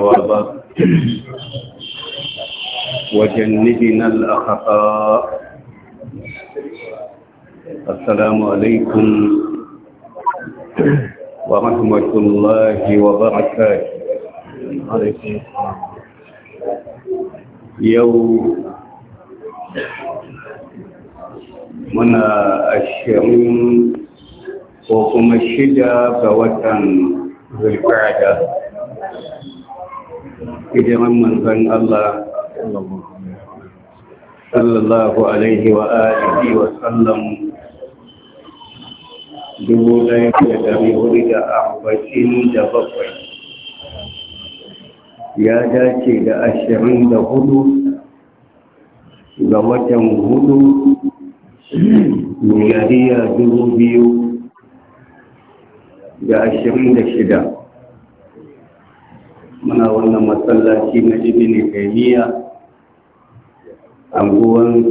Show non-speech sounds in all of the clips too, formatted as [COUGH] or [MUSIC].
وارضا وجنبنا الاخطاء السلام عليكم ورحمه الله وبركاته يوم من الشرين وكم الشجاع فوتا ذي القعده hijiran manzan Allah sallallahu alaihi wa alihi wa sallam dubu ɗaya da dari hudu da arba'in da bakwai ya dace da ashirin da hudu ga watan hudu miliyariya dubu biyu da ashirin da shida muna wannan masallaci na ibini taimiyya anguwan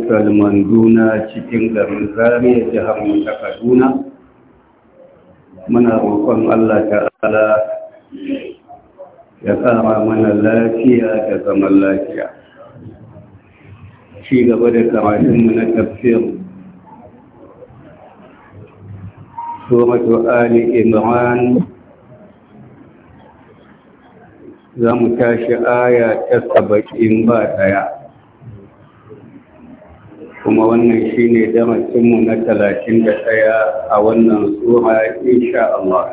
duna cikin garin zariya jihar ta kaduna muna roƙon allah ta'ala ya kama mana lafiya da zaman lafiya ci gaba da karatunmu na tafsir suratu ali imran za mu tashi aya ta saba'in ba daya kuma wannan shi ne darasinmu na talatin da daya a wannan tsura insha Allah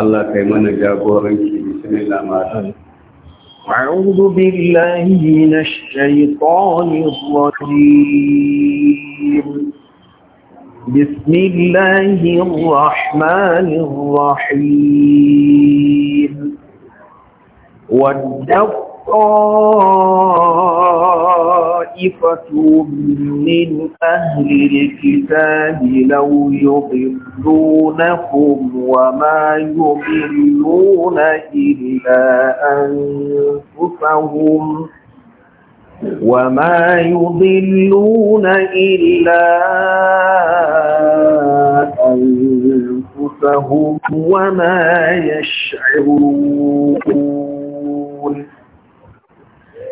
Allah kai mana jagoranci bismillah ma'ana أعوذ بالله من الشيطان الرجيم بسم الله الرحمن الرحيم ودت من أهل الكتاب لو يضلونكم وما يضلون إلا أنفسهم وما يضلون إلا أنفسهم وما يشعرون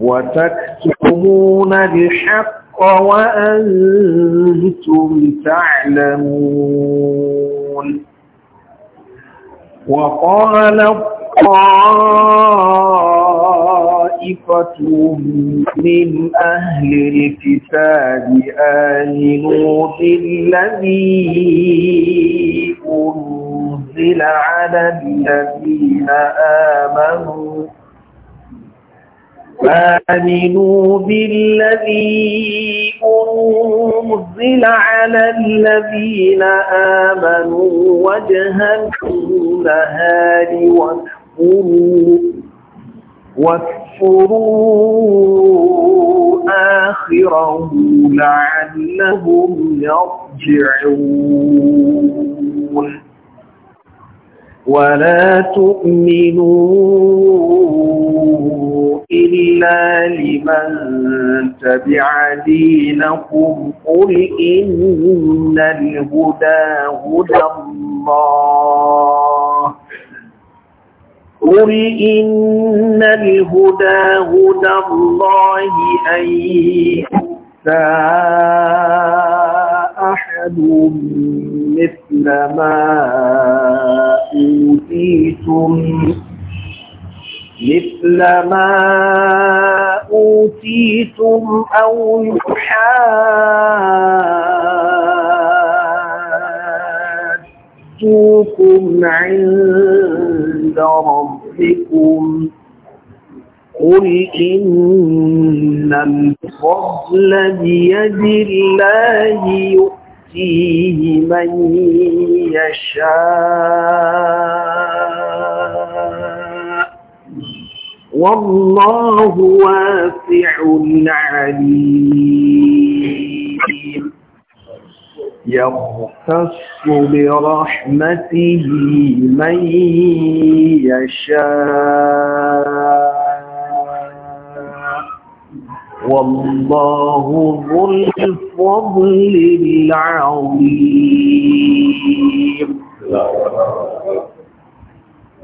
وتكتمون الحق وأنتم تعلمون وقال الطائفة من أهل الكتاب آمنوا بالذي أنزل على الذين آمنوا آمنوا بالذي أنزل على الذين آمنوا وجه النهار واكفروا واكفروا آخره لعلهم يرجعون ولا تؤمنوا إلا لمن تبع دينكم قل إن الهدى هدى الله قل إن الهدى هدى الله أن يؤتى أحد مثل ما أوتيتم مثل ما أوتيتم أو يحاجوكم عند ربكم قل إن الفضل بيد الله يؤمن يهديه من يشاء والله واسع عليم يختص برحمته من يشاء والله ذو الفضل العظيم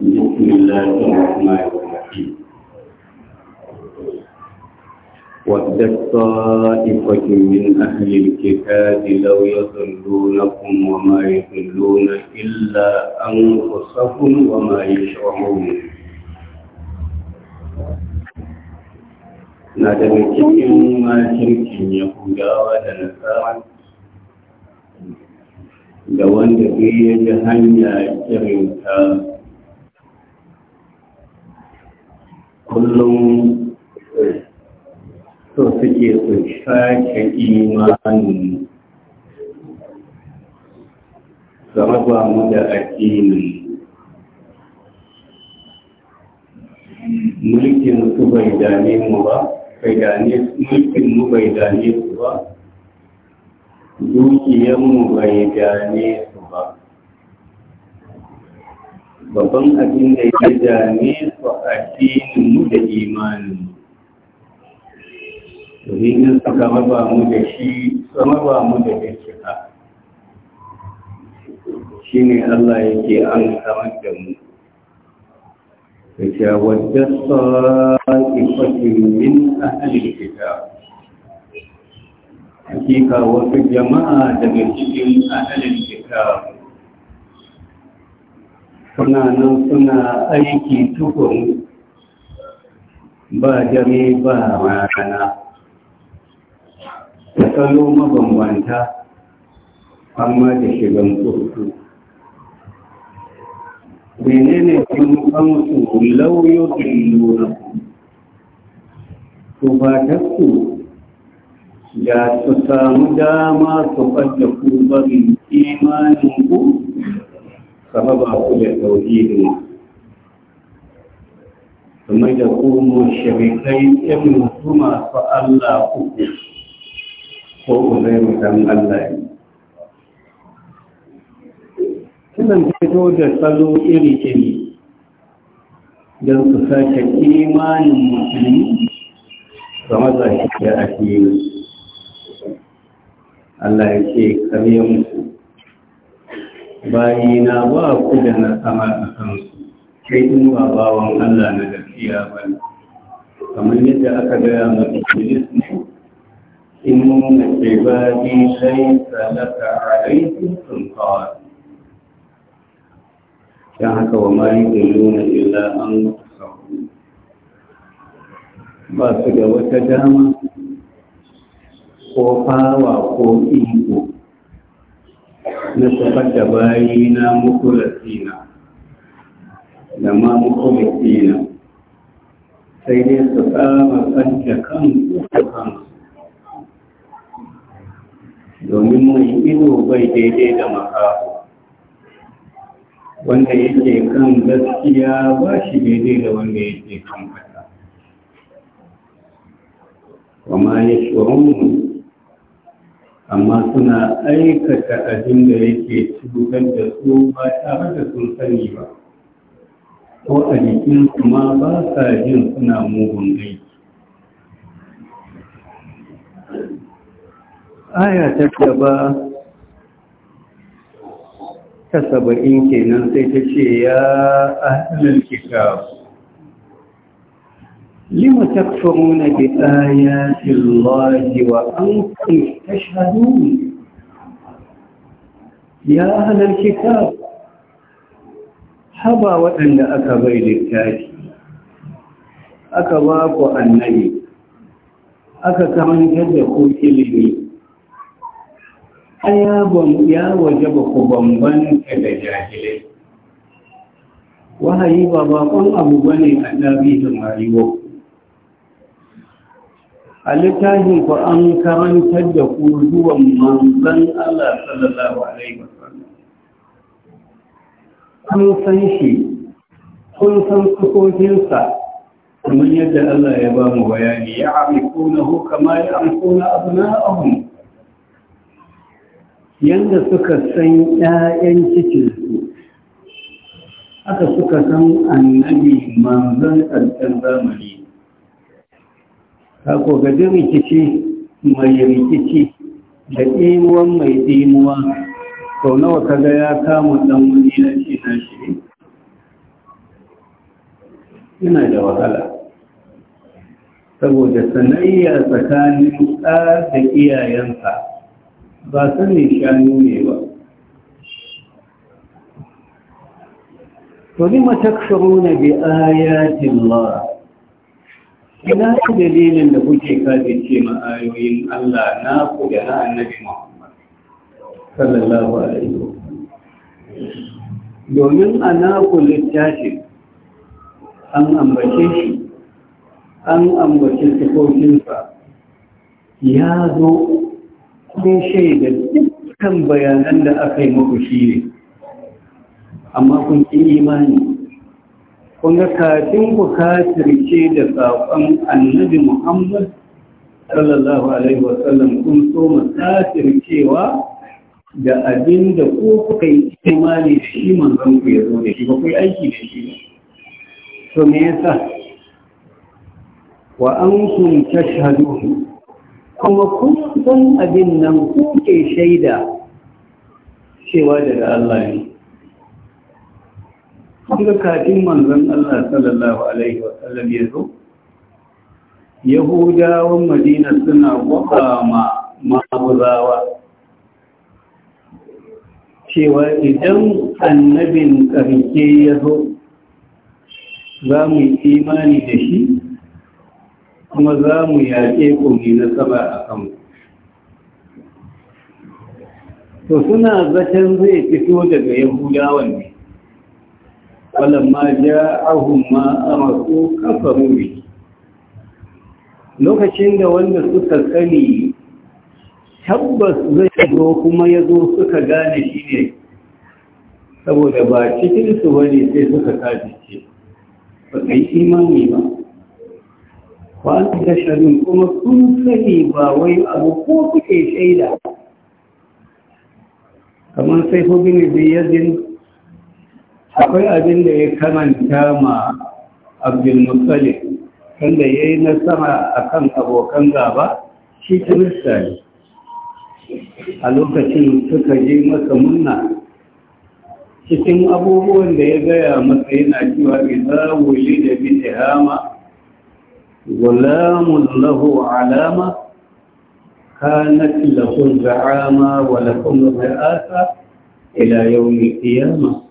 بسم الله الرحمن الرحيم ودت طائفة من أهل الكتاب لو يضلونكم وما يضلون إلا أنفسهم وما يشعرون na daga cikin makirkin yahudawa da nasara da wanda zai yi ji hanya irin ta kullum so suke su sake imanin su raba mu da addinin mulkin su bai dame mu ba bai mulkin mu bai dane su ba dukiyan mu bai dane su ba babban abin da ya dane su addinin mu da imanin mu domin suka raba mu da shi suka raba mu da Shi ne Allah yake an samar da mu فتاودت طائفة من أهل الكتاب حقيقة وفي جماعة من أهل الكتاب suna nan suna aiki tukun ba dare ba rana da tsalo mabambanta amma da shigan kurkuku menene kun amsu lauyo dilluna ku ba ta ku da su samu dama su fadda ku bari imanin ku kama ba ku da tauhidin kuma da ku mu shirikai yan mutu fa Allah uku ko ku zai mutan Allah ne sunan fito da tsaro iri-iri don su sake imanin musulmi ga mazashi da ake Allah ya ce kare musu na ba ku da na sama a kansu sai in ba bawan Allah na gaskiya ba kamar yadda aka gaya masu jiris ne in mun mace ba bi sai salaka a sun kawai don haka wa ma nuna illa an ba su da wata dama ko fawa ko iko na sufar da bayi na mukulasina da ma mukulasina sai dai su tsama tsanta kansu da kansu domin mai ido bai daidai da makaho wanda yake kan gaskiya ba shi daidai da wanda yake kan fata kuma ya amma suna aikata abin da yake cutar da su ba tare da sun sani ba ko a jikin kuma ba sa jin suna mugun aiki aya ta gaba ta saba'in kenan sai ta ce ya ahlul kitab lima takfuruna bi ayati llahi wa an antum tashhadun ya ahlul kitab haba waɗanda aka bai littafi aka ba ku annabi aka karantar da ku ilimi ya waje ba ku bambanta da jahilai wahayi ba bakon abu ba ne a ɗabi'in rayuwa a littafin ku an karantar da ku zuwa manzan Allah sallallahu alaihi wasallam kun san shi kun san sukokinsa kamar yadda Allah ya ba mu bayani ya amikuna hu kama ya na abna'ahum yanda suka san ‘ya'yan cikinsu aka suka san annabi manzan ƙarfin zamani kako gaji rikici mai rikici da ɗimuwa mai ɗimuwa sau nawa kaga ya kama ɗan wani na ce na shi yana da wahala saboda sanayya tsakanin ɗa da iyayensa ba ne shanu ne ba to lima na bi ayatin Allah ina ku dalilin da kuke kaji ce ma'ayoyin Allah na ku da na annabi Muhammad sallallahu alaihi domin a ku littafi an ambace shi an ambace sifofinsa ya zo kun shaida dukkan bayanan da aka yi muku shi ne amma kun ƙin imani kun ga kafin ku kafirce da saƙon annabi muhammad sallallahu alaihi wasallam kun so mu kafircewa da abin da ko kuka yi imani da shi manzon ku ya zo da shi ba ku yi aiki da shi ba to me yasa wa an antum tashhadun kuma kun abin nan kuke shaida cewa daga Allah ne Kuka kafin manzon Allah sallallahu Alaihi wasallam ya zo, Yahudawan Madina suna gwaba ma cewa idan annabin ƙarke ya zo za mu yi imani da shi kuma za mu yaƙe ku ne na saba a ku. to suna zaton zai fito daga yahudawan ne walamma ja'ahum ma masu kafa bi lokacin da wanda suka sani tabbas zai zo kuma ya zo suka gane shi ne saboda ba cikinsu ba sai suka ce, ba ka yi imani ba ba su tasharin kuma sun sani ba wai abu ko suke shaida kamar sai hubin ziyazin akwai abin da ya kamanta ma abdulmutsali wanda ya yi nasara a kan abokan gaba shi kirista ne a lokacin suka je masa murna cikin abubuwan da ya gaya masa yana cewa idan wuli da hama. غلام له علامة كانت له الزعامة ولكم الرئاسة إلى يوم القيامة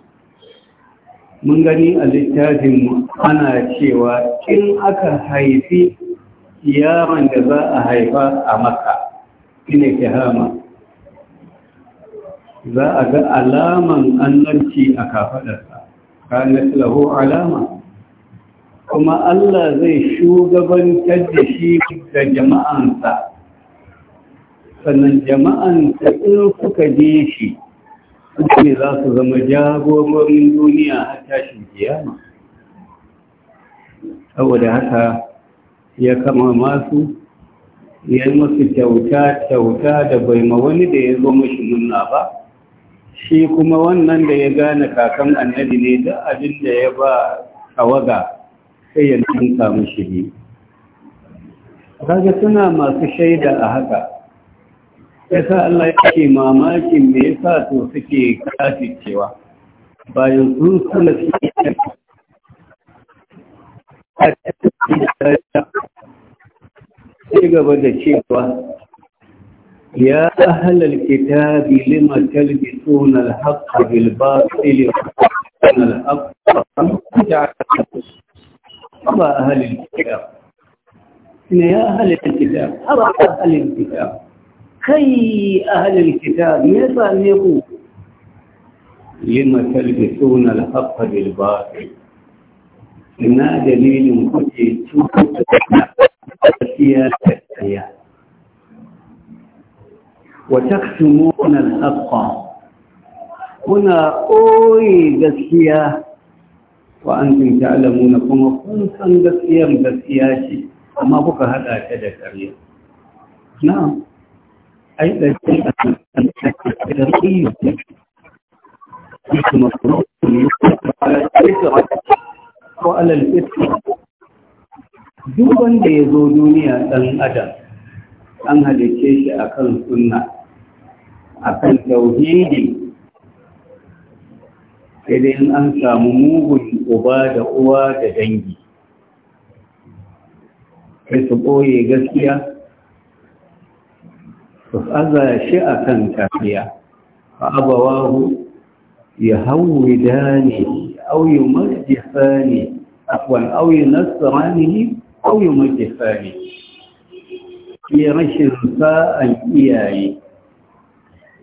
mun gani a littafinmu ana cewa in aka haifi yaron da za a haifa a maka ina za a ga alaman annanci a kafaɗarsa kanar lahu alama kuma Allah zai shugabantar da shi ga jama'ansa sannan jama'ansa in suka je shi ne za su zama jagororin duniya a tashin kiyama saboda haka ya kama masu ya masu kyauta-kyauta da bai ma wani da ya zo mashi nuna ba shi kuma wannan da ya gane kakan annabi ne da abin da ya ba a waga. sai ya ninka mishi biyu kaga suna masu shaida a haka yasa Allah yake mamakin me yasa to suke cewa. bayan sun kula ci gaba da cewa ya ahlal kitabi lima talbisuna al-haqqa bilba, wa al أرى أهل الكتاب إن يا أهل الكتاب أرى أهل الكتاب كي أهل الكتاب يفهموا لما تلبسون الحق بالباطل ina دليل kuke cutar da wata kasumonar haƙa wa an tun alamuna kuma kun san gaskiyar gaskiya ce amma kuka hada ta da ƙarya na'am ai da shi an da Yi kuma kuma ko alal fitra duk wanda ya zo duniya ɗan adam an halice shi akan sunna akan tauhidi sai dai in an samu mugun uba da uwa da dangi sai su ɓoye gaskiya su aza shi a kan tafiya a abawahu ya hauwi dane auyi majifa ne akwai auyi nasara ne auyi majifa ne iya rashin sa'an iyaye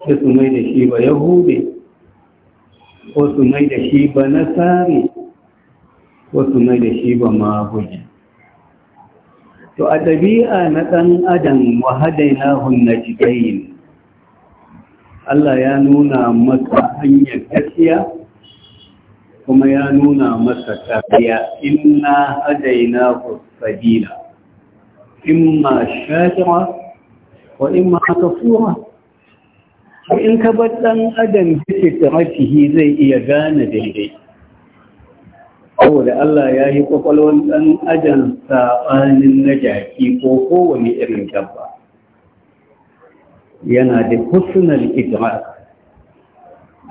sai su mai da shi ba yahudai wasu mai da shi ba nasari wasu mai da shi ba maguji to a ɗabi'a na ɗan adam wahadaina hunna jidayin Allah ya nuna masa hanyar gaskiya kuma ya nuna masa tafiya inna hadaina sabila imma shakira wa imma kafura in ka bar ɗan adam fi fitratihi zai iya gane daidai saboda Allah ya yi kwakwalwar ɗan adam saɓanin na jaki ko kowane irin dabba yana da husnul idrak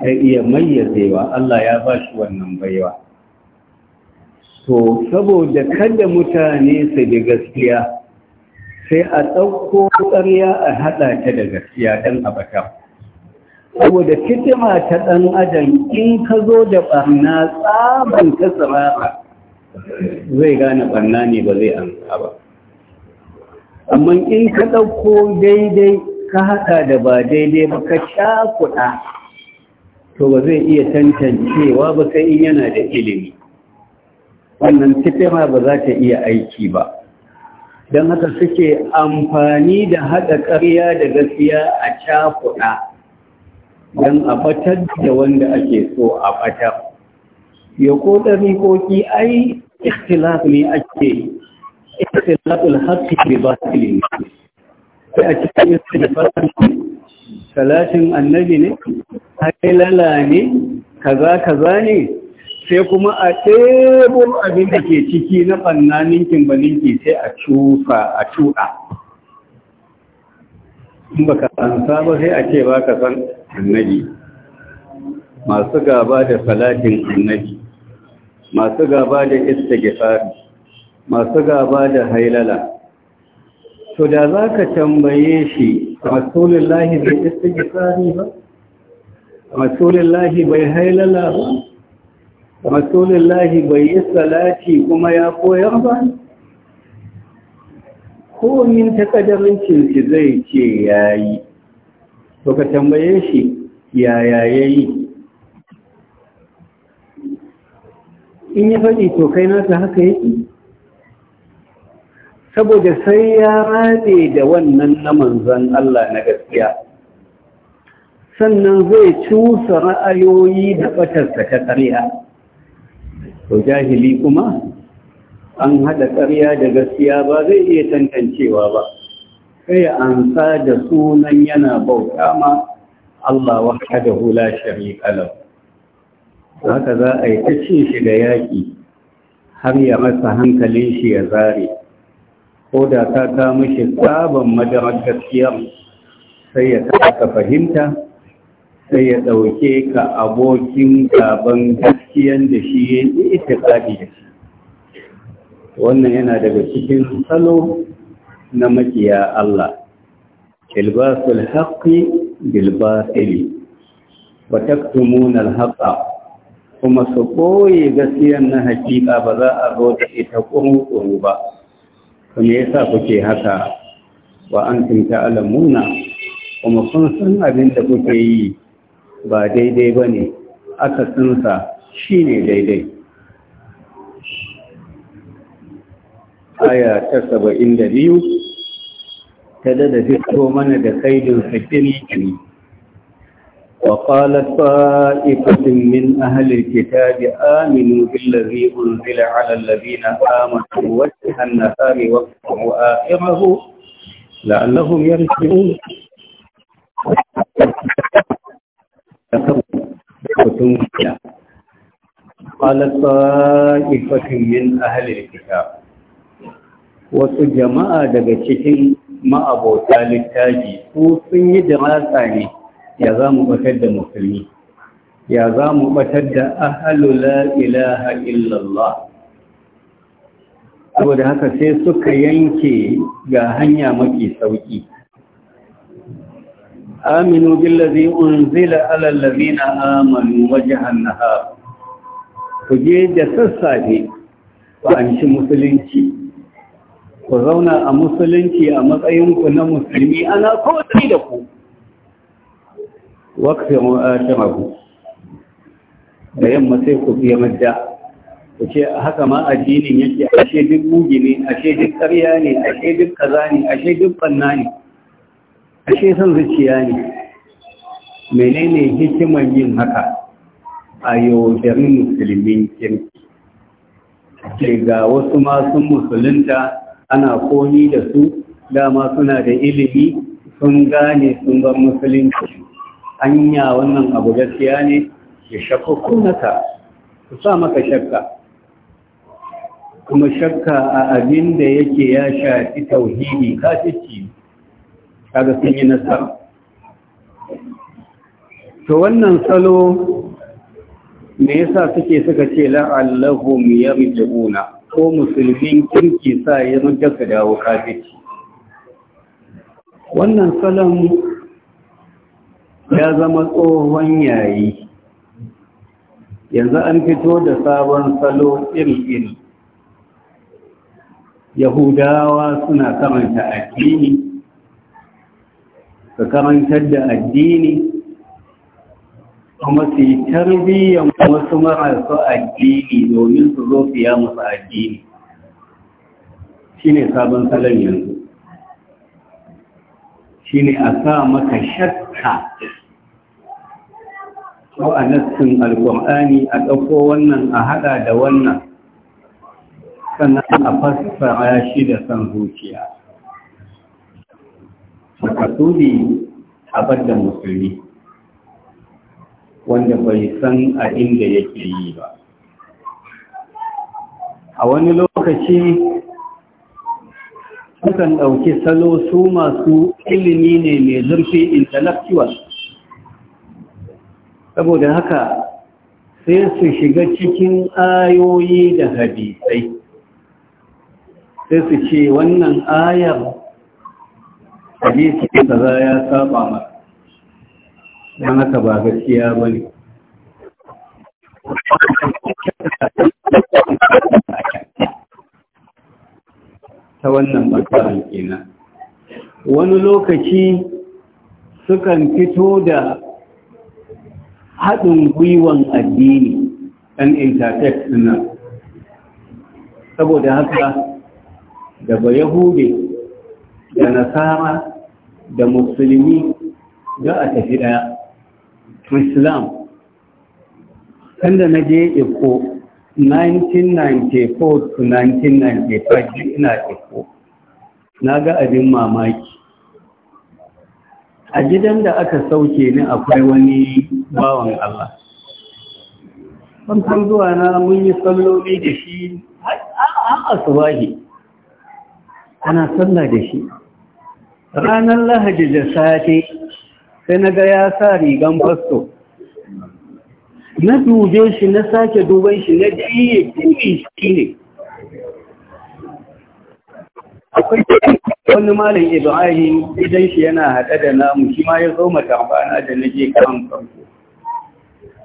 a iya mayyazewa Allah ya ba shi wannan baiwa to saboda kada mutane su da gaskiya sai a ɗauko ƙarya a haɗa ta da gaskiya a abata saboda fitima ta ɗan adam in ka zo da ɓarna tsaban ta tsirara zai gane ɓarna ne ba zai amsa ba amma in ka ɗauko daidai ka haɗa da ba daidai ba ka sha kuɗa to ba zai iya tantancewa ba sai in yana da ilimi wannan fitima ba za ta iya aiki ba don haka suke amfani da haɗa ƙarya da gaskiya a cakuɗa don a ɓatar da wanda ake so a batar ya ko ɗariƙoƙi ai ikhtilaf ne ake ikhtilaful haqqi bi batil. sai a cikin istighfarin salatin annabi ne hailala ne kaza kaza ne sai kuma a tebur abin da ke ciki na bannaninkin baninki sai a cufa a cuɗa in baka ansa ba sai a ce ba ka san annabi masu gaba da salatin annabi masu gaba da istighfar masu gaba da hailala to da za ka tambaye shi rasulullahi bai istighfari ba rasulullahi bai hailala ba rasulullahi bai yi salati kuma ya koyar ba komin kadarin shi zai ce yayi to ka tambaye shi yaya yi. in ya faɗi to kai nasa haka yake saboda sai ya rade da wannan na manzan Allah na gaskiya sannan zai cusa ra'ayoyi da ɓatarsa ta ƙarya to jahili kuma an haɗa ƙarya da gaskiya ba zai iya tantancewa ba sai ansa da sunan yana bauta ma Allah wahdahu la sharika lahu haka za a yi ta cin shi da yaƙi har ya masa hankalin shi ya zare ko da ka ka mishi sabon madarar gaskiya sai ya ka fahimta sai ya ɗauke ka abokin gaban gaskiyan da shi ya yi da shi wannan yana daga cikin salo na makiya Allah ilbasul haqqi bil batili wa taktumuna al haqa kuma su koye gaskiyar na hakika ba za a zo da ita kurkuru ba kuma yasa kuke haka wa antum ta'lamuna kuma kun san abin da kuke yi ba daidai bane aka sansa shine daidai aya ta saba'in da biyu ta dada fito mana da kaidin ne وقالت طائفة من أهل الكتاب آمنوا بالذي أنزل على الذين آمنوا وجه النهار واكفروا آخره لعلهم يرجعون قالت طائفة من أهل الكتاب wasu jama'a daga cikin ma'abota littafi ko sun yi jama'a ne ya za mu batar da musulmi ya za mu batar da ahalula ilaha illallah saboda haka sai suka yanke ga hanya mafi sauki aminu billazi unzila ala allazina amanu wajhan nahar kuje da sassafe ba an shi musulunci ku zauna a musulunci a matsayinku na musulmi ana kotsi da ku wakfin shamaku da yamma sai ku biya madda ku ce haka ma addinin yake ashe duk bugi ne ashe duk karya ne ashe duk kaza ne ashe duk banna ne ashe son zuciya ne menene hikimar yin haka a yaudari musulmin kirki ke ga wasu masu musulunta ana komi da su dama suna da ilimi sun gane sun ban musulunci anya wannan abu gaskiya ne ya shakku kunaka su sa maka shakka kuma shakka a abin da yake ya shafi tauhidi ka ci, kaga sun yi nasara to wannan salo me yasa suke suka ce la'allahum yarji'una ko musulmin kirki sa ya zuga ka dawo kafirci wannan salon ya zama tsohon yayi yanzu an fito da sabon salo iri-iri yahudawa suna karanta addini Ka karantar da addini kuma su yi tarbiyyar wasu marasa addini domin su zo fiya masu addini shi ne sabon salon yanzu shi ne a sa maka shakka ko a nassin alkur'ani a ɗauko wannan a haɗa da wannan sannan a fassara shi da san zuciya A makasudi a da musulmi wanda bai san a inda yake yi ba a wani lokaci sukan ɗauki salo su masu ilimi ne mai zurfi intellectual saboda haka sai su shiga cikin ayoyi da hadisai sai su ce wannan ayar ta kaza ya saba masu don haka ba gaskiya ba ne ta wannan ɓangaren kenan wani lokaci sukan fito da haɗin gwiwan addini ɗan intertext nan saboda haka da ba yahude da nasara da musulmi za a tafi ɗaya islam sanda na je eko 1994 to 1995 ina eko na ga abin mamaki a gidan da aka sauke ni akwai wani bawan Allah samfan zuwa na mun yi salloli da shi a asubahi ana sallah da shi ranar Lahadi da sati sai na ga ya sa rigan fasto na dube shi na sake duban shi na jiye kuri shi ne akwai wani malin ibrahim idan shi yana haɗe da namu shi ma ya zo matambana da na je kan farko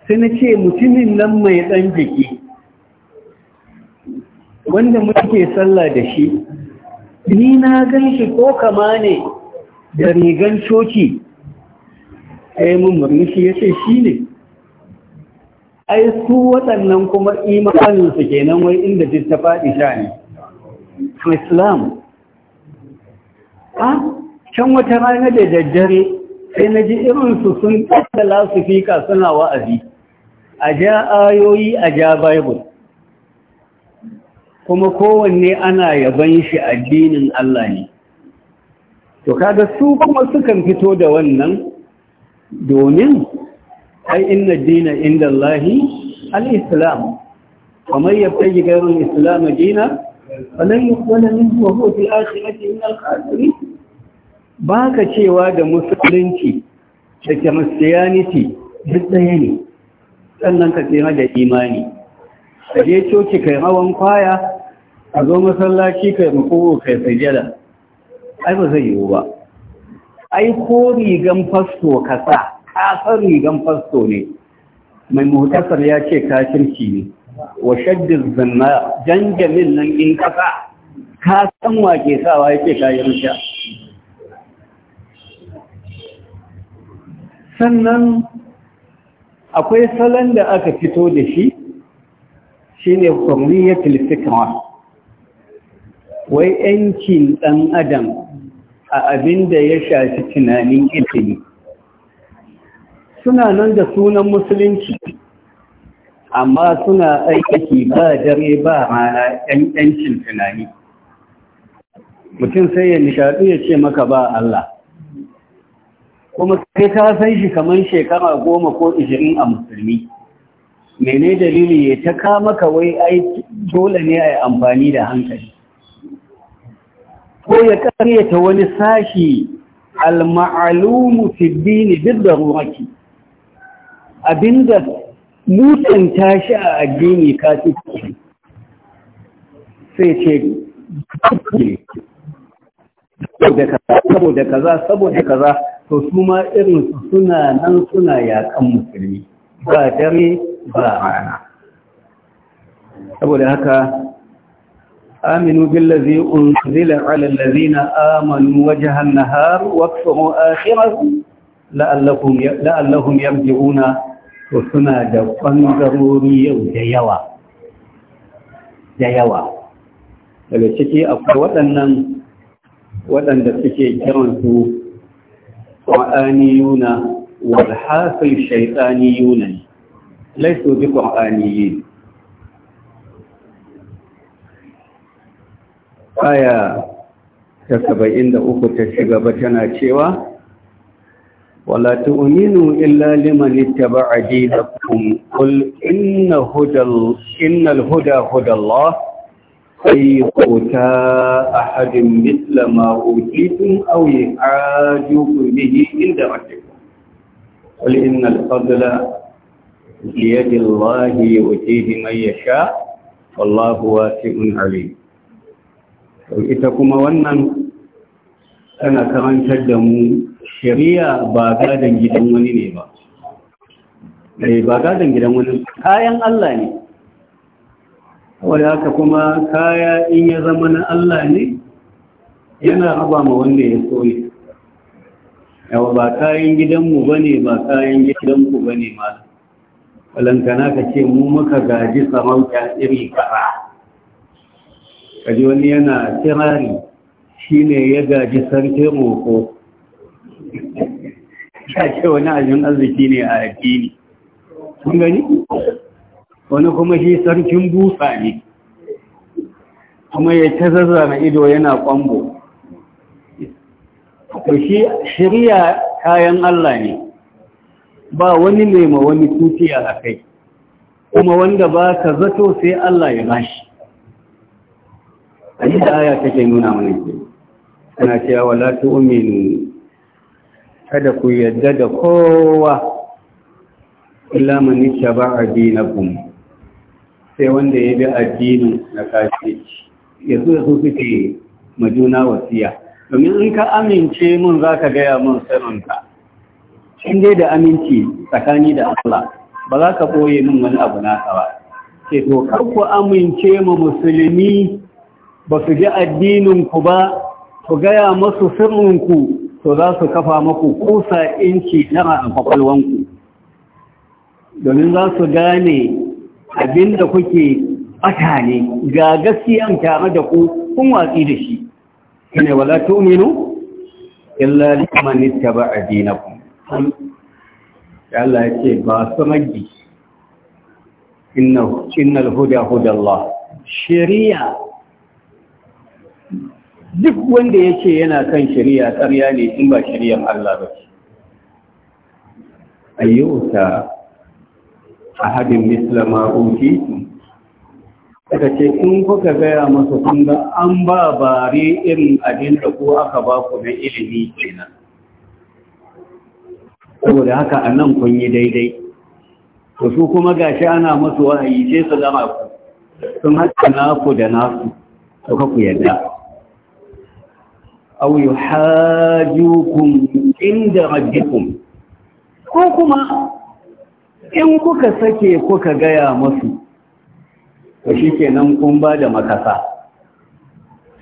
sai na ce mutumin nan mai ɗan jiki wanda muke sallah da shi ni na gan shi ko kama ne da rigan coci Ai, mun shi ya ce shi ne ai su waɗannan kuma imaninsu kenan wai inda duk ta faɗi sha ne islam a ah, can wata rana da jajjare sai na ji irinsu sun ƙasala su fika suna wa'azi a ja ayoyi a ja bible kuma kowanne ana yaban shi addinin Allah ne to kaga su kuma sukan fito da wannan domin ai inna dina inda Allahi al’islam kamar ya fage gairun islam a dina falai wani min wa huwa fil akhirati min al-khasirin baka cewa da musulunci da christianity duk daya ne sannan ka tsira da imani a je coci kai hawan kwaya a zo masallaci kai rukuku kai sajada ai ba zai yiwu ba ai ko rigan fasto ka sa kasar rigan fasto ne mai muhtasar ya ce kafirci ne wa shaddin zanna janjamin nan in sa ka san sa sawa yake ce kayan sha sannan akwai salon da aka fito da shi shi ne kwamniyatul fikra wai 'yancin ɗan adam a abin da ya shafi tunanin ilimi suna nan da sunan musulunci amma suna aiki ba dare ba rana yancin tunani mutum sai ya nishaɗu ya ce maka ba Allah kuma sai ka san shi kamar shekara goma ko ishirin a musulmi mene dalili ya ta kama kawai dole ne a yi amfani da hankali ko ya karyata wani sashi al-ma'alumu duk da ruwaki abinda mutan shi a addini ka ciki sai ce saboda kaza saboda kaza to su ma irin su suna nan suna yakan musulmi ba dare ba rana saboda haka آمنوا بالذي أنزل على الذين آمنوا وجه النهار واكفروا آخره لعلهم لعلهم يرجعون وسنا دفن ضروري وجيوا جيوا daga ciki akwai waɗannan waɗanda suke kiransu ƙwa'aniyuna walhafin shaitaniyuna laisu bi ƙwa'aniyin aya ta saba'in da uku ta shiga ba tana cewa wala tu'minu illa liman ittaba'a dinakum qul inna hudal innal huda hudallah ayyuta ahadin mithla ma utitum aw yu'ajukum bihi inda rabbikum qul innal fadla بيد الله يؤتيه yasha. يشاء والله واسع عليم to ita kuma wannan tana karantar da mu shari'a ba gadon gidan wani ne ba mai eh, ba gadon gidan wani kayan Allah ne wadda haka kuma kaya in ya zama na Allah ne yana raba ma wanda ya so yawa ba kayan gidanmu ba ne ba kayan gidanku ba ne malam na ka ce mu muka gaji sarauta iri ƙara. kaji wani yana shi ne ya gaji sarkin roko ya ce wani ajin arziki ne a addini sun gani wani kuma shi sarkin busa ne kuma ya ta na ido yana kwambo to shi shirya kayan Allah ne ba wani nema wani tutiya a kai kuma wanda ba ka zato sai Allah ya bashi ayi da aya take nuna mana ke Ana cewa wala tu'minu kada ku yadda da kowa illa man ittaba'a adinakum sai wanda ya bi addinin na kashi ya yasu suke majuna wasiya domin in ka amince mun za ka gaya mun sirrinka in dai da aminci tsakani da Allah ba za ka ɓoye min wani abu na ba ce to ku amince ma musulmi ba su ji addininku ba su gaya masu sirrinku su za su kafa maku kusa inci tara a kwakwalwanku domin za su gane abinda kuke ɓata ne ga gaskiyan tare da ku kun watsi da shi ne wala tu'minu illa liman a dinakum Allah ya ce ba su Inna innal huda Allah shari'a duk wanda ya ce yana kan shari'a ƙarya ne in ba shari'ar Allah ba ce ayyuta ahadin mislama ukitu daga ce in kuka gaya masa kun ga an ba bare irin abin da ko aka ba ku na ilimi kenan saboda haka a nan kun yi daidai wasu su kuma gashi ana masu wa'ayi sai su zama ku sun haka naku da nasu to ku yadda. aw yuhajukum inda rabbikum ko kuma in kuka sake kuka gaya musu to shikenan kun ba da makasa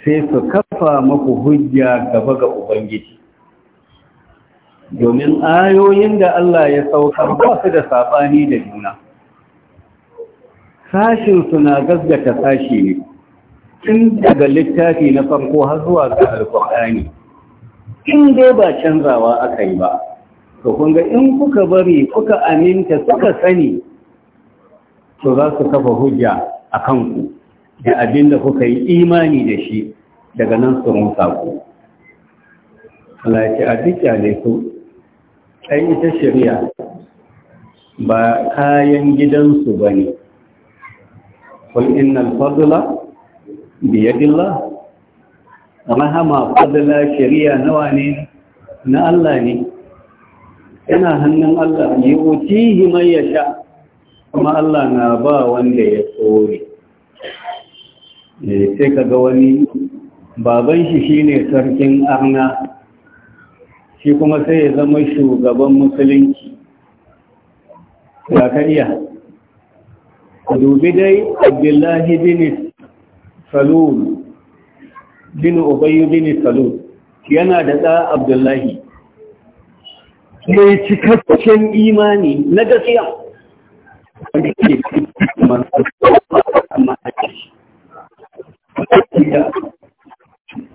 sai su kafa maku hujja gaba ga ubangiji domin ayoyin da Allah ya sauka ba su da saɓani da juna sashin suna gasgata sashi ne tun daga littafi na farko har zuwa ga alkur'ani in dai ba canzawa aka yi ba to kun in kuka bari kuka aminta kuka sani to za su kafa hujja a kanku da abin da kuka yi imani da shi daga nan su rusa ku alaƙi a duk kyale su ita shirya ba kayan gidansu ba ne kul innal fadla biyadillah rahama fadla shari'a nawa ne na Allah ne yana hannun Allah ne utihi man yasha kuma Allah na ba wanda ya tsore eh, sai kaga wani baban shi shine sarkin arna shi kuma sai ya zama shugaban musulunci ya kariya dubi dai abdullahi bin salul bin ubayy bin salul yana da da abdullahi mai cikakken imani na gaskiya wanda ke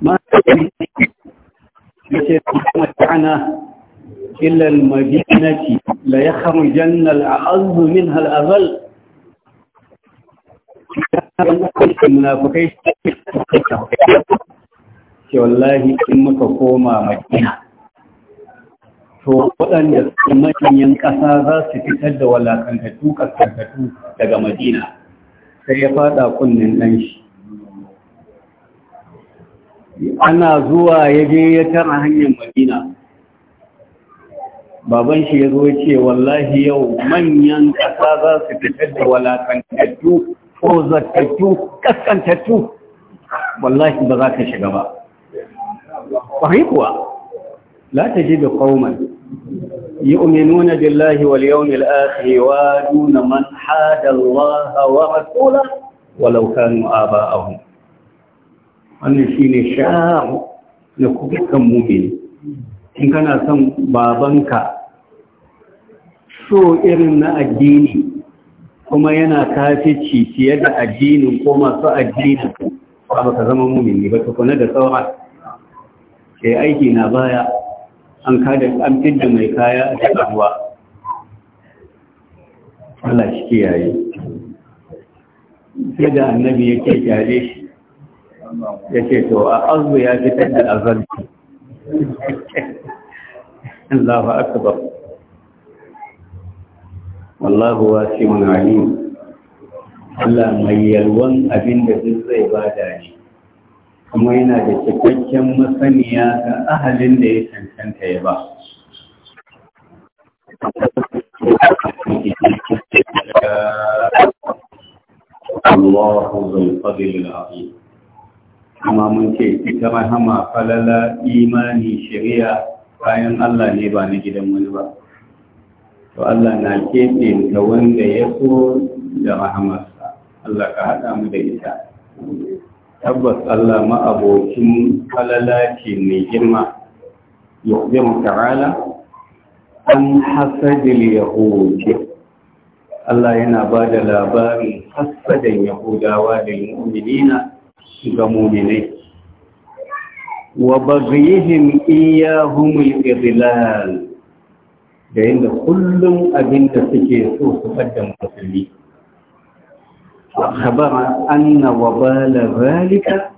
ما متعنا إلا المدينة ليخرجن الأعز منها الأغل. munafukai ke wallahi in muka koma madina to waɗanda su manyan ƙasa za su fitar da walakantattu kaskantattu daga madina sai ya fada kunnen ɗan shi ana zuwa ya je ya tara hanyar madina baban shi ya zo ce wallahi yau manyan ƙasa za su fitar da walakantattu ko zakattu kaskantattu wallahi ba za ka shiga ba ƙwari kuwa la ta ji da ƙauman yi uminuna billahi wal yawmil akhir wa nuna man hada Allah wa rasula ba a aba'ahum wannan shine sha'u na kukan mumini in kana son babanka so irin na addini kuma yana kafici fiye da addinin ko masu addini ba ka zama mumini ba tukuna da tsawon Ke aiki na baya an kada an fidda mai kaya a cikin ruwa Allah shi kiyaye sai da annabi ke kyale shi ya ce to a azu ya fitar da azalci [LAUGHS] Allah akbar wallahu wasi'un alim Allah mai yalwan abin da duk zai bada ne kuma yana da cikakken masaniya ga ahalin da ya cancanta ya ba Allahu zulfadil al'azim amma mun ce ita Hama, falala imani shari'a bayan Allah ne ba na gidan wani ba to Allah na keɓe ga wanda ya so da rahamarsa Allah ka haɗa mu da ita tabbas Allah ma'abokin falala ce mai girma yuhdimu ta'ala an hasadil yahudi Allah yana ba da labarin hassadan yahudawa da mu'minina ga mu'minai wa baghihim iyahum al da da kullum abinda da suke so su fadda musulmi khabara anna wabala zalika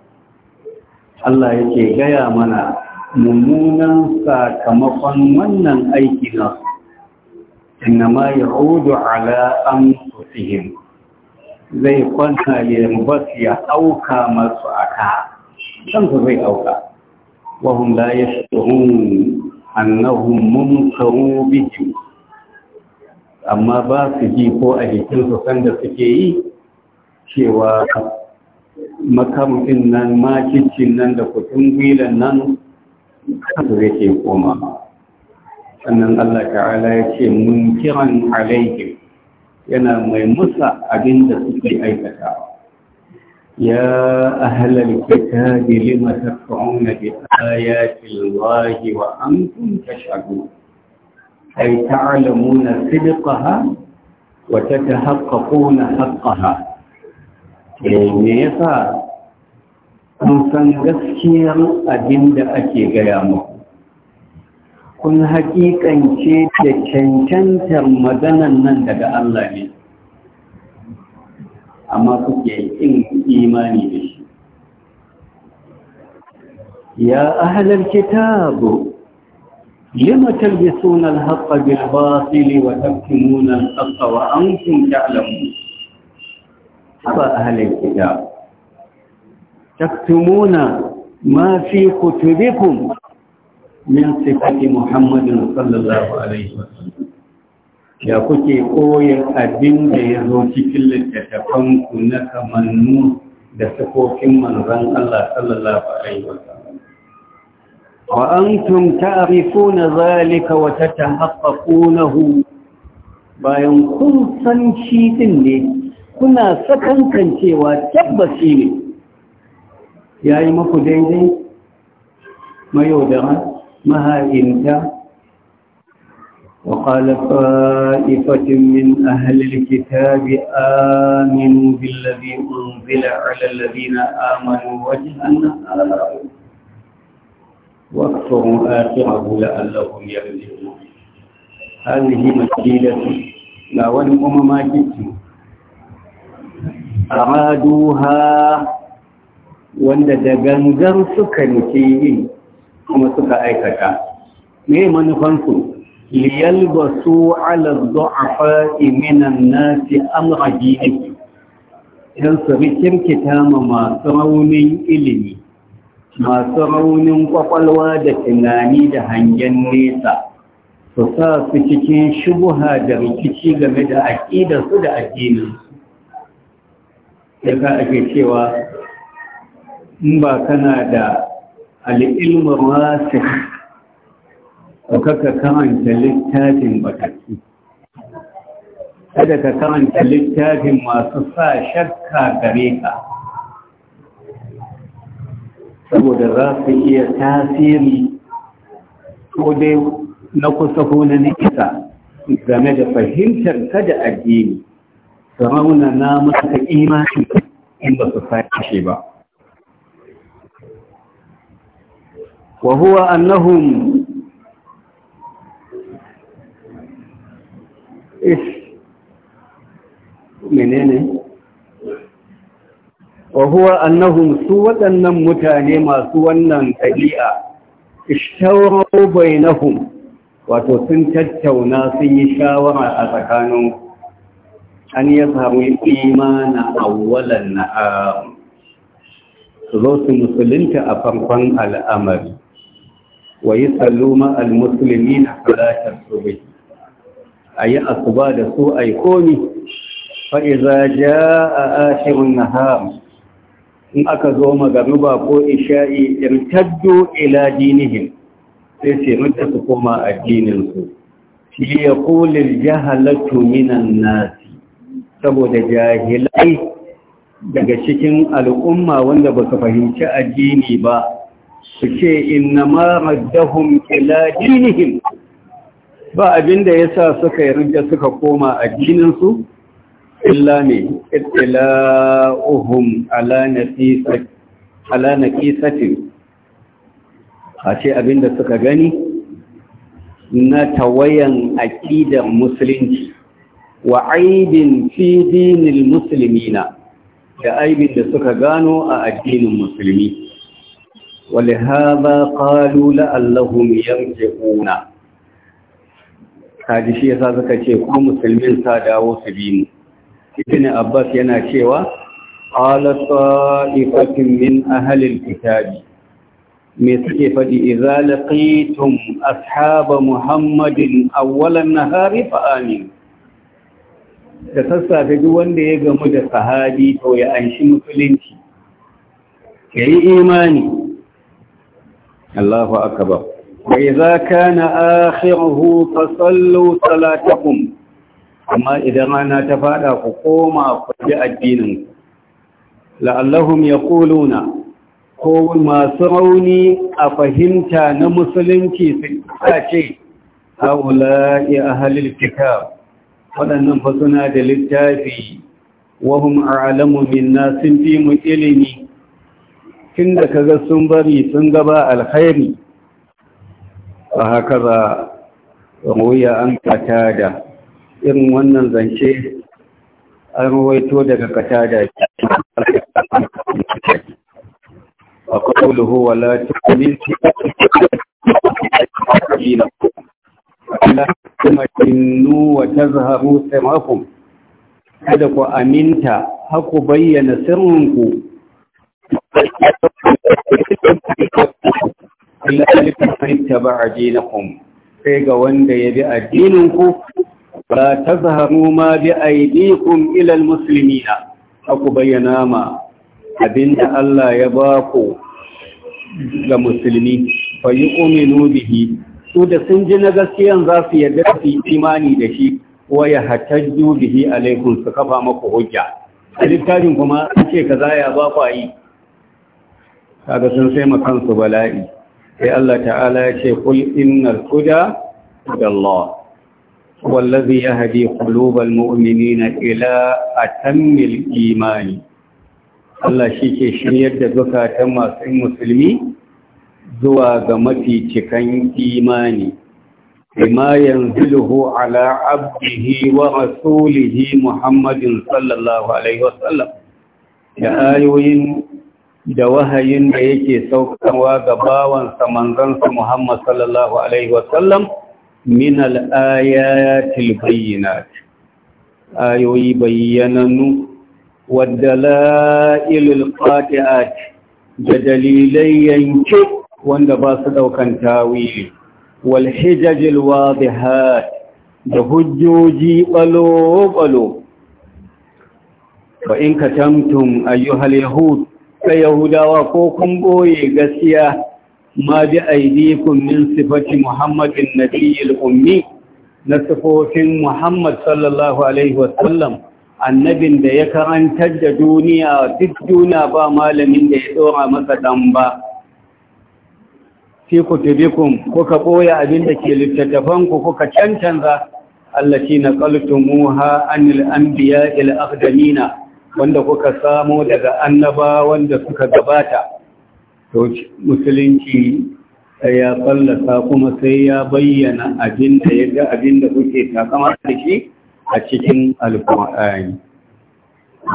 Allah yake gaya mana mummunan sakamakon wannan aiki na ma ya hudu ala anfusihim zai kwanta limbas ya auka masu aka kansu zai auka wahun la yashurun annahum munkaru bihi amma ba su ji ko a jikin jikinsu sanda suke yi cewa makamfin nan makicin nan da kutun gwilan nan su yake koma sannan Allah ta'ala ya ce mun kiran alaiki, yana mai musa abin da suke aikatawa يا أهل الكتاب لم تكفرون بآيات الله وأنتم تشهدون أي تعلمون صدقها وتتحققون حقها me yasa kun san gaskiyar abin da ake gaya muku kun haƙiƙance da cancantar maganan nan daga Allah ne amma kuke yin imani da shi ya ahlal kitabu lima talbisuna al-haqqa bil batili wa taktumuna al-haqqa wa antum ta'lamun aba ahlal kitab taktumuna ma fi kutubikum min sifati muhammadin sallallahu alaihi wasallam ya kuke koyin abin da ya zo cikin littattafanku na kamannu da sukokin manzan Allah sallallahu Alaihi ba. Wa an tum na zalika wata ta haƙaƙonahu bayan kun san shi ɗin ne kuna sakankancewa tabbaci ne, ya yi maku daidai, mayaudara, maha'inta, وقال طائفة من أهل الكتاب آمنوا بالذي أنزل على الذين آمنوا وجه النهار واكفروا آخره لعلهم يرجعون هذه مكيدة لا ولكم ما جئتم أرادوها وأن دغنزر سكنتي كما سكا أيكتا ما منفنسوا liyalbasu ala du'afa minan nasi amra dinihi dan su rikirkita ma masu raunin ilimi masu raunin kwakwalwa da tunani da hangen nesa su sa su cikin shubuha da rikici game da aƙidarsu da addinin daga ake cewa in ba kana da al'ilmin rasir to kaka karanta littafin bakaki kada ka karanta littafin masu sa shakka gare ka saboda za su iya tasiri ko dai na kusa ko na nisa game da fahimtar kada addini su raunana masa imani in ba su fashe ba وهو أنهم ish eh. menene wa huwa annahum su waɗannan mutane masu wannan tabi'a ishtawarau bainahum wato sun tattauna sun yi shawara a tsakanin an ya samu imana awwalan na zo su musulunta a farkon al'amari wa yi tsalluma al-musulmi na salatar subi a yi asuba da su a komi fa'iza ja a ashirin nahar in aka zo magaruba ko isha'i irtaddu ila dinihim sai ce su koma addininsu shi ya kulil jahalatu minan nasi saboda jahilai daga cikin al'umma wanda ba su fahimci addini ba su ce inna ma maddahum ila dinihim ba abin da ya sa suka yi rinke suka koma addininsu illa ne uhun ala naqisatin a ce abin da suka gani na tawayan aƙidar musulunci wa aibin fi dinin musulmina da aibin da suka gano a addinin musulmi wale haɗa ƙalu mu yanke ƙuna kaji shi yasa suka ce ko musulmin sa dawo su bi mu ibn abbas yana cewa qala ta'ifatin min ahli al-kitab me suke fadi idza laqitum ashab muhammadin awwalan nahari fa amin da sassafe duk wanda ya gamu da sahabi to ya anshi musulunci yi imani Allahu akbar وإذا كان آخره فصلوا صلاتكم أما إذا أنا تفادى فقوما فجاء الدين لعلهم يقولون قول ما سروني أفهمت نمسلمتي في الحاجة هؤلاء أهل الكتاب فلن ننفسنا للتافي وهم أعلم من ناس في مئلمي tun da kaga sun bari sun gaba alkhairi a ruya an katada irin wannan zance an ruwaito daga katada a kawo da huwa latin wata zaharu tsamakon kada ku aminta haku bayyana sirrinku illa alifin ba a sai ga wanda ya bi addininku ba ta zaharu ma bi aidikun ilal musulmi na aku bayyana ma abinda Allah ya ba ku ga musulmi fa yi uminu bihi su da sun ji na gaskiyan za su yarda su imani da shi wa ya hatajju bihi alaikum su kafa maku hujja a littafin kuma an ce kaza ya ba ku yi kaga sun sai ma kansu bala'i sai Allah ta'ala ya ce kul innal huda hudallah wallazi yahdi qulubal mu'minina ila atammil imani Allah shi ke shiryar da zukatan masu musulmi zuwa ga mafi cikan imani bima yanziluhu ala abdihi wa rasulihi Muhammadin sallallahu alaihi wasallam da ayoyin da wahayin da yake saukarwa ga bawansa manzansa Muhammad sallallahu alaihi wasallam min al-ayatil ayoyi bayyananu waddala'ilul qati'at da dalilai yanke wanda ba su ɗaukan tawili wal hijajil wadihat da hujjoji balo balo Ba in katamtum ayyuhal yahud ka yahudawa ko kun boye gaskiya ma bi aidikum min sifati muhammadin nabiyil ummi na sifofin muhammad sallallahu alaihi wasallam annabin da ya karantar da duniya duk duniya ba malamin da ya dora masa dan ba fi kutubikum kuka boye abin da ke littattafanku kuka cancanza allati naqaltumuha anil ambiya il aqdamina wanda kuka samo daga annaba wanda suka gabata to musulunci ya fallasa kuma sai ya bayyana abin da ya ga abin da kuke takama da shi a cikin alƙur'ani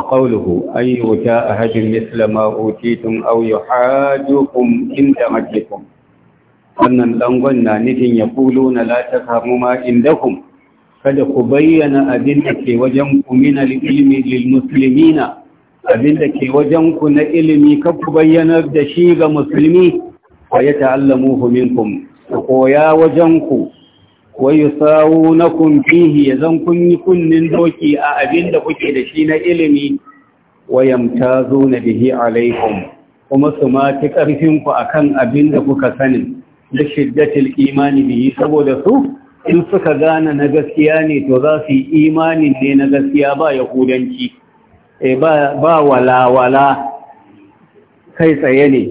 qawluhu ay yuta ahadin misla ma utitum aw yuhajukum inda rabbikum wannan dangon na nufin ya kulo na la ta samu ma indakum kada ku bayyana abin da ke wajen ku min al-ilmi lil muslimina abin da ke wajen ku na ilimi ka ku bayyanar da shi ga musulmi wa ya minkum ku koya wajen ku wa yusawunakum fihi yazan kun yi kunnin doki a abin da kuke da shi na ilimi wa yamtazuna bihi alaikum kuma su ma ci karfin ku akan abin da kuka sani da shiddatil imani bihi saboda su in suka gane na gaskiya ne to za su yi imanin ne na gaskiya ba yahudanci e ba walawala kai tsaye ne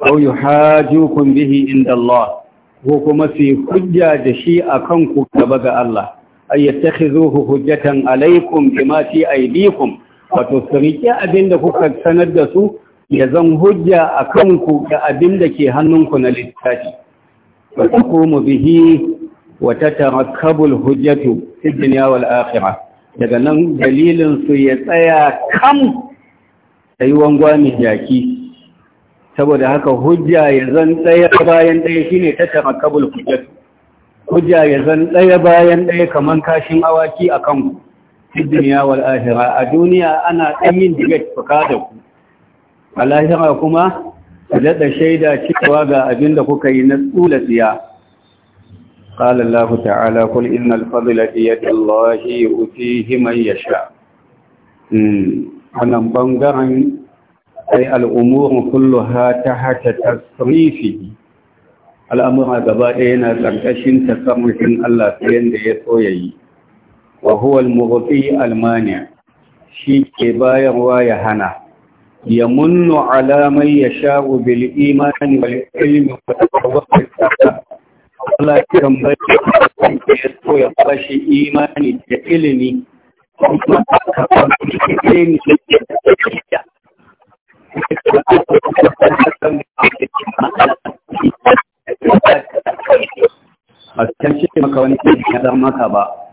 au yi hajjukun bihi inda Allah ko kuma su hujja da shi a kanku gaba ga Allah zuhu hujjatan alaikum bima fi aibikun wato su riƙe abin da kuka sanar da su ya zan hujja a kanku da abin da ke hannunku na littafi ba ta taqumu bihi wa tatarakkabu hujjatu fi dunya wal daga nan dalilin su ya tsaya kam sai wangwami jaki saboda haka hujja ya zan tsaya bayan ɗaya shine ta al-hujjatu hujja ya zan tsaya bayan ɗaya kamar kashin awaki a kanku fi dunya wal a duniya ana ɗan yin direct fuka da ku a lahira kuma ku daɗa shaida cewa ga abin da kuka yi na tsula tsiya قال ta'ala تعالى قل إن الفضل بيد الله himan ya sha. wannan bangaren sai al'umurin ha ta hata tasirifi al'amura gaba ɗaya yana ƙarƙashin tasarrufin Allah ta yadda ya tsoyayi wa huwal murfi almaniya shi ke bayarwa ya hana يمن على من يشاء بالإيمان والعلم وتوفى Allah kan bari da ya so ya bashi imani da ilimi kuma aka kwanci ni da a can shi maka wani ya kadar maka ba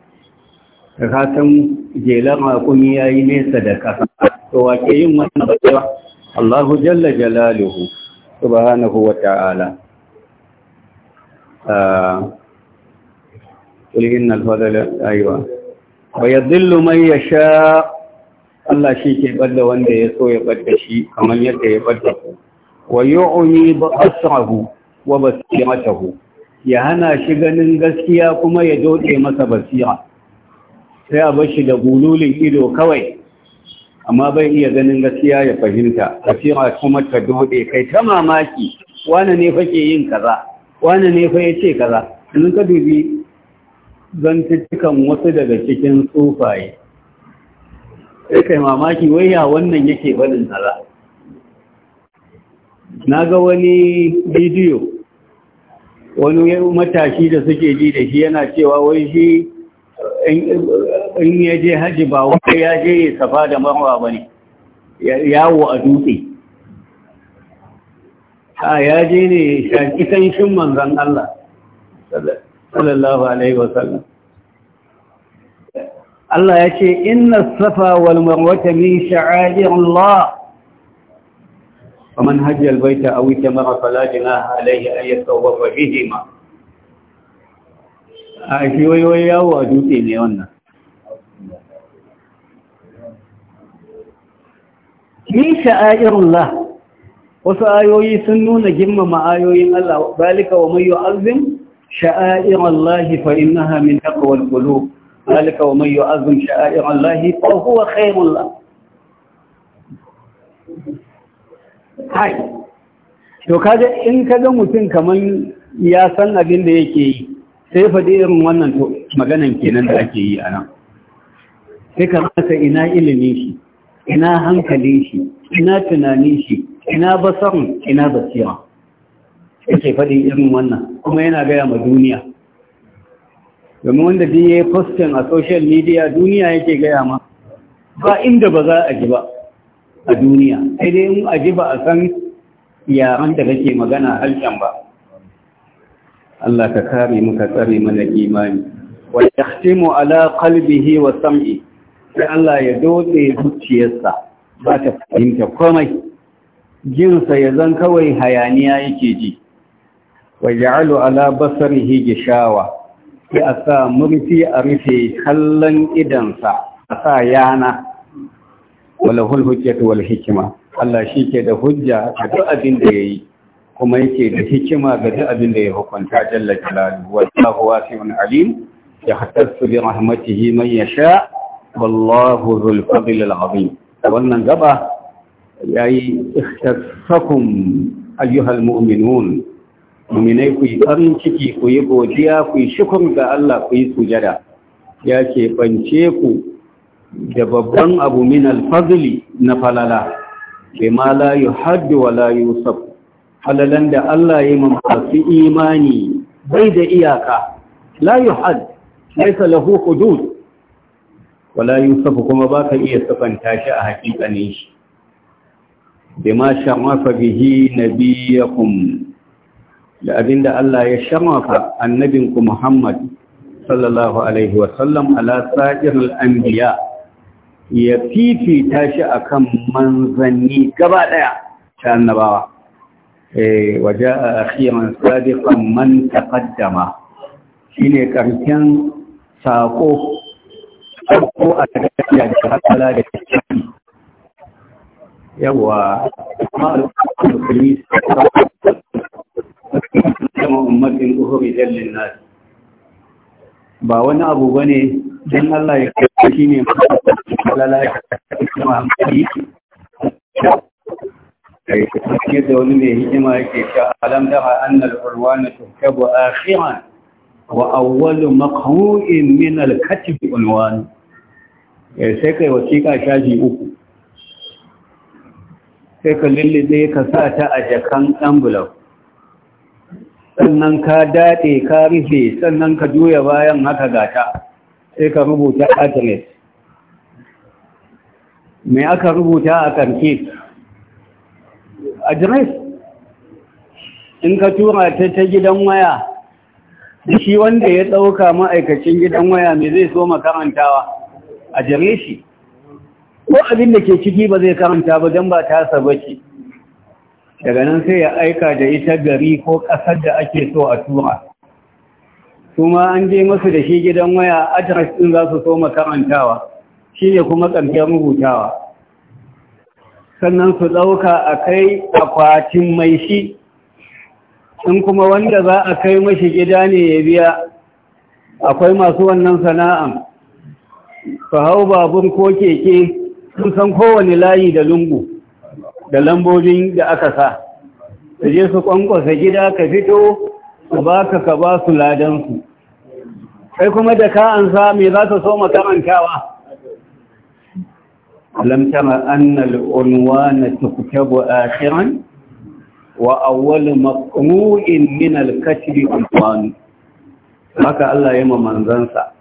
kasan jelar makumi ya yi nesa da kasa to wake yin wannan bacewa allahu jalla jalaluhu subhanahu wa ta'ala ƙulhin ah, alfadar ayiwa wa ya zillu mai ya sha Allah shi ke ɓadda wanda ya so ya ɓadda shi kamar yadda ya ɓadda ku wa yi'uni ba sahu wa basiratahu ya hana shi ganin gaskiya kuma ya doke masa basira sai a bashi da gululin ido kawai amma bai iya ganin gaskiya ya fahimta gaskiya kuma ta dode kai ta mamaki wani ne fake yin kaza wani ne fa yace kaza in ka dubi zantuttukan wasu daga cikin tsufaye sai kai mamaki wai ya wannan yake barin kaza na ga wani bidiyo wani matashi da suke ji da shi yana cewa wai shi in ya je haji ba wai ya je ya safa da marwa ba ne yawo a dutse a ya je ne shaƙi kanshin manzan Allah sallallahu alaihi wasallam Allah ya ce inna safa wal marwata min sha'a'ir Allah فمن هج البيت أو اتمر فلا جناح عليه أن يتوف بهما a shi wai wai yawo a dutse ne wannan min sha'airullah wasu ayoyi sun nuna girmama ayoyin Allah zalika wa man yu'azzim sha'airullah fa innaha min taqwal qulub zalika wa man yu'azzim sha'airullah fa huwa khairullah lahu hai to kaje in kaga mutum kaman ya san abin da yake yi sai faɗi irin wannan to maganan kenan da ake yi anan. sai ka ina ilimin shi ina hankalin shi ina tunanin shi ina basarun ina basira yake faɗin irin wannan kuma yana gaya ma duniya domin wanda da ya yi postin a social media duniya yake gaya ma ba inda ba za a ji ba a duniya sai dai in a ji ba a san yaran da kake magana harshen ba Allah ka kare muka tsare mana imani wa yahtimu ala qalbihi wa sam'i sai Allah ya dotse zuciyarsa ba ta fahimta komai jinsa ya zan kawai hayaniya yake ji wa ja'alu ala basarihi gishawa sai a sa murfi a rufe kallon idansa a sa yana wala hulhujjatu wal hikima Allah shi ke da hujja a duk abin da yi. kuma yake da hikima ga duk abin da ya hukunta jalla jalaluhu wallahu wasi'un alim ya su bi rahmatihi man yasha' wallahu dhul fadl al wannan gaba yayi ikhtasakum ayyuhal mu'minun mu'minai ku yi farin ciki ku yi godiya ku yi shukur ga Allah ku yi sujada ya ce bance ku da babban abu min na falala Ma la yuhaddu wa la yusab halalan da Allah ya yi masu imani bai da iyaka la yi had lahu hudud wala yusufu kuma baka iya sifanta shi a hakikanin shi bima shamafa bihi nabiyakum da abinda Allah ya annabin annabinku Muhammad sallallahu alaihi ala sajirul anbiya ya fifita shi akan manzanni gaba daya ta annabawa eh waja akhiyan sadiqan man taqaddama shine karshen sako ko a tafiya da hasala da tafiya yawa ma kama ba wani abu ba ne don Allah ya kai shi ne ya kuma da wani mai hikima yake sha alam dafa annal urwana tuhkabu akhiran wa awwalu maqhu'in min al-katib unwan eh, sai kai wasiƙa shaji uku sai ka lullube ka sa ta a jakan ambulan sannan ka daɗe ka rufe sannan ka juya bayan haka gata sai ka rubuta adres me aka rubuta a karfe adres in ka tura ta ta gidan waya da shi wanda ya ɗauka ma'aikacin gidan waya mai zai so ma karantawa a jere shi ko abin da ke ciki ba zai karanta ba don ba ta saba ce daga nan sai ya aika da ita gari ko ƙasar da ake so a tura kuma an je masu da shi gidan waya adres ɗin za su so karantawa shi ne kuma ƙarfiyar rubutawa sannan su ɗauka a kai akwatin mai shi in kuma wanda za a kai mashi gida ne ya biya akwai masu wannan sana'an ka hau babun ko keke sun san kowane layi da lungu da lambobin da aka sa su je su kwankwasa gida ka fito su baka ka ba su ladansu kai kuma da ka an sa me za ka so makamantawa alam tara anna al-unwana tuktabu akhiran wa مقموء من min al-kashfi الله haka Allah ya manzansa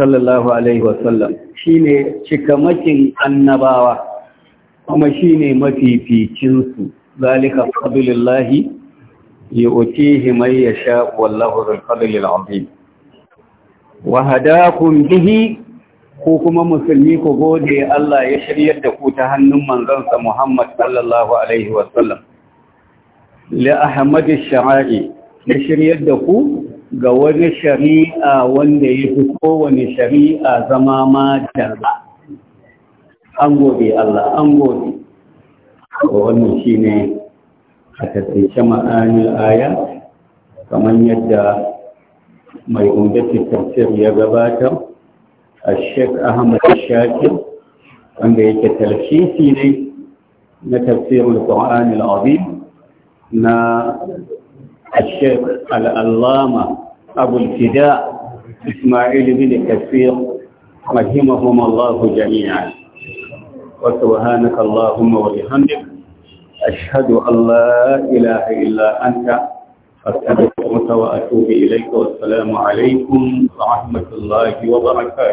sallallahu alaihi wa sallam shine cikamakin annabawa kuma shine mafificin su zalika fadlullahi yu'tihi man yasha wallahu dhul fadli al-azim ko kuma musulmi ko gode Allah ya shiryar da ku ta hannun manzansa Muhammad sallallahu alaihi wa li ahmad sharai ya shiryar da ku ga wani shari'a wanda ya fi kowane shari'a zama ma ba an gode Allah an gode wannan shi ne a tattaice ma'anin aya kamar yadda mai umdatin tafsir ya gabata a sheik ahmad Shafi wanda yake talshisi ne na tafsirin ƙwa'anil azim نا الشيخ الألامة أبو الفداء إسماعيل بن كثير رحمهم الله جميعا وسبحانك اللهم وبحمدك أشهد أن لا إله إلا أنت أستغفرك وأتوب إليك والسلام عليكم ورحمة الله وبركاته